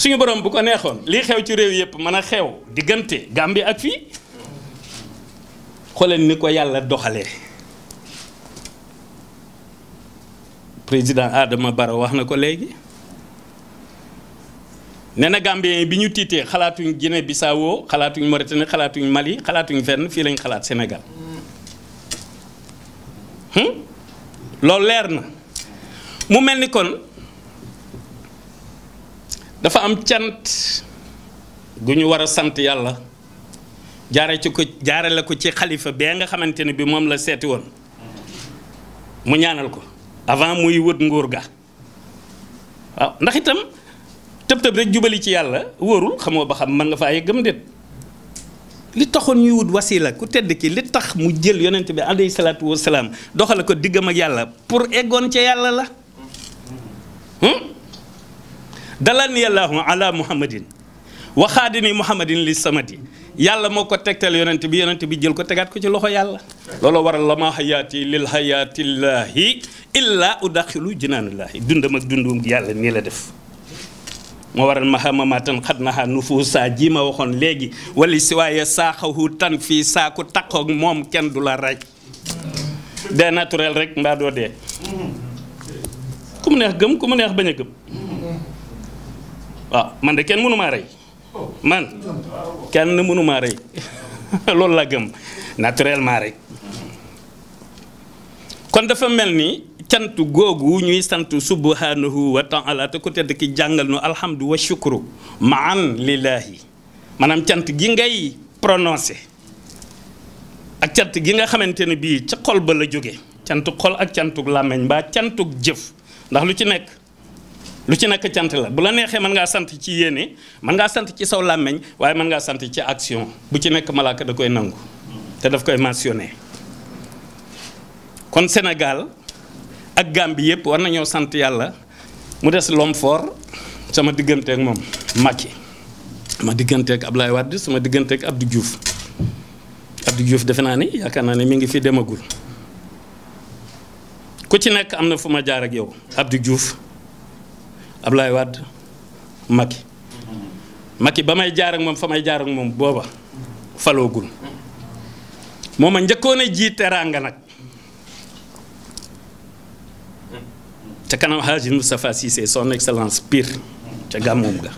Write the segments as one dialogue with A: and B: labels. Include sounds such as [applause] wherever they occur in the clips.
A: suñu borom bu ko neexoon lii xew ci réew yëpp man a xew diggante Gambie ak fii xooleen ni ko yàlla doxalee président Adama Barrow wax na ko léegi nee na Gambien bi ñu tiitee xalaatuñ Guinée Bissau xalaatuñ Mauritanie xalaatuñ Mali xalaatuñ fenn fii lañ xalaat Sénégal hmm? loolu leer na mu mel ni kon. dafa am cant gu ñu war a sant yàlla jaare ci ko jaare la ko ci xalifa bee nga xamante ne bi moom la seeti woon mu ñaanal ko avant muy wët nguur ga waaw ndax itam tëb tëb rek jubali ci yàlla wóorul xamoo ba xam mën nga faa yëggam déet li toxoon ñuy wut wasila ku tedd ki li tax mu jël yonent bi alayhi salaatu wasalaam doxale ko diggam ak yàlla pour eggoon ca yàlla la. Hmm? dalani allahu ala muhammadin waxaadini muhammadin li sama di yàlla moo ko tegtal yonent bi yonent bi jël ko tegaat ko ci loxo yàlla looloo waral la ma xayaati lil xayaatillaahi illaa udaxilu jinaanullaahi dundam ak dundum yàlla nii la def moo waral mahamamatan xat naha nufuusa ji ma waxoon léegi wali si waaye saaxahu tan fii saaku taqoog moom kenn du la raj dee naturel rek mbaa doo dee ku mu neex gëm ku mu neex bañ a gëm waaw ah, man de kenn mënu maa rey man kenn mënu rey [laughs] loolu laa gëm naturellement rek kon dafa mel ni cant googu ñuy sant subhanahu wa taala te ku tedd jàngal nu alhamdu wa shukru maan lillaahi maanaam cant gi ngay prononcé ak cant gi nga xamante ne bii ca xol ba la jóge cantu xol ak cantu làmmiñ mbaa cantuk jëf ndax lu ci nekk lu ci nekk cant la bu la neexee man ngaa sant ci yéene man ngaa sant ci saw làmmeñ waaye mën ngaa sant ci action bu ci nekk malaaka da koy nangu te daf koy mentionné kon Sénégal ak Gambie yépp war nañoo sant yàlla mu des l'homme fort sama digganteek moom Macky sama digganteek Ablaye Wade sama digganteek Abdou Diouf di juuf defe naa ni yaakaar naa ne mi ngi fi demagul ku ci nekk am na fu ma jaar ak yow Abdou Diouf Ablaye Wade Macky Macky ba may jaar ak moom fa may jaar ak moom booba faloogul moo ma njëkkoon a ji teraanga nag ca kanam Hadji Moustapha Cissé son excellence pire ca gàmmoom ga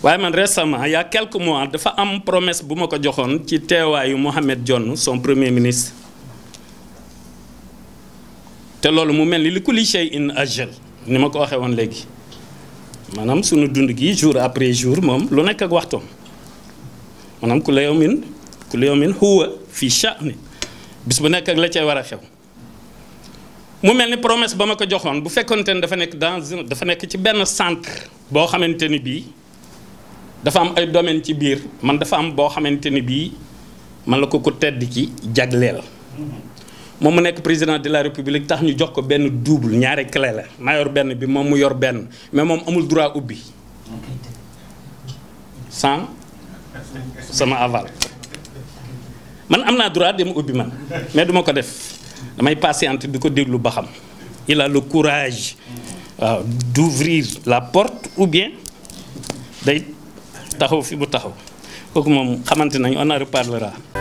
A: waaye man récemment il y a quelques mois dafa am promesse bu ma ko joxoon ci teewaayu Mohamed jonn son premier ministre te loolu mu mel ni li kulli shay'in ajal ni ma ko waxee woon léegi maanaam suñu dund gi jour après jour moom lu nekk ak waxtoom maanaam ku la yawmin ku la yawmin huwa fii sha'ni bis bu nekk ak la cay war a xew mu mel ni promesse ba ma ko joxoon bu fekkonte ne dafa nekk dans dafa nekk ci benn centre boo xamante ni bii dafa am ay domaine ci biir man dafa am boo xamante ni bii man la ko ko tedd ki jagleel moom mu nekk président de la république tax ñu jox ko benn double ñaari clé la maa yor benn bi moom mu yor benn mais moom amul droit ubbi sans sama aval man am naa droit dem ubbi man mais duma ko def damay patienter di ko déglu ba xam il a le courage waaw d'ouvrir la porte ou bien day taxaw fi bu taxaw kooku moom xamante nañ on en reparlera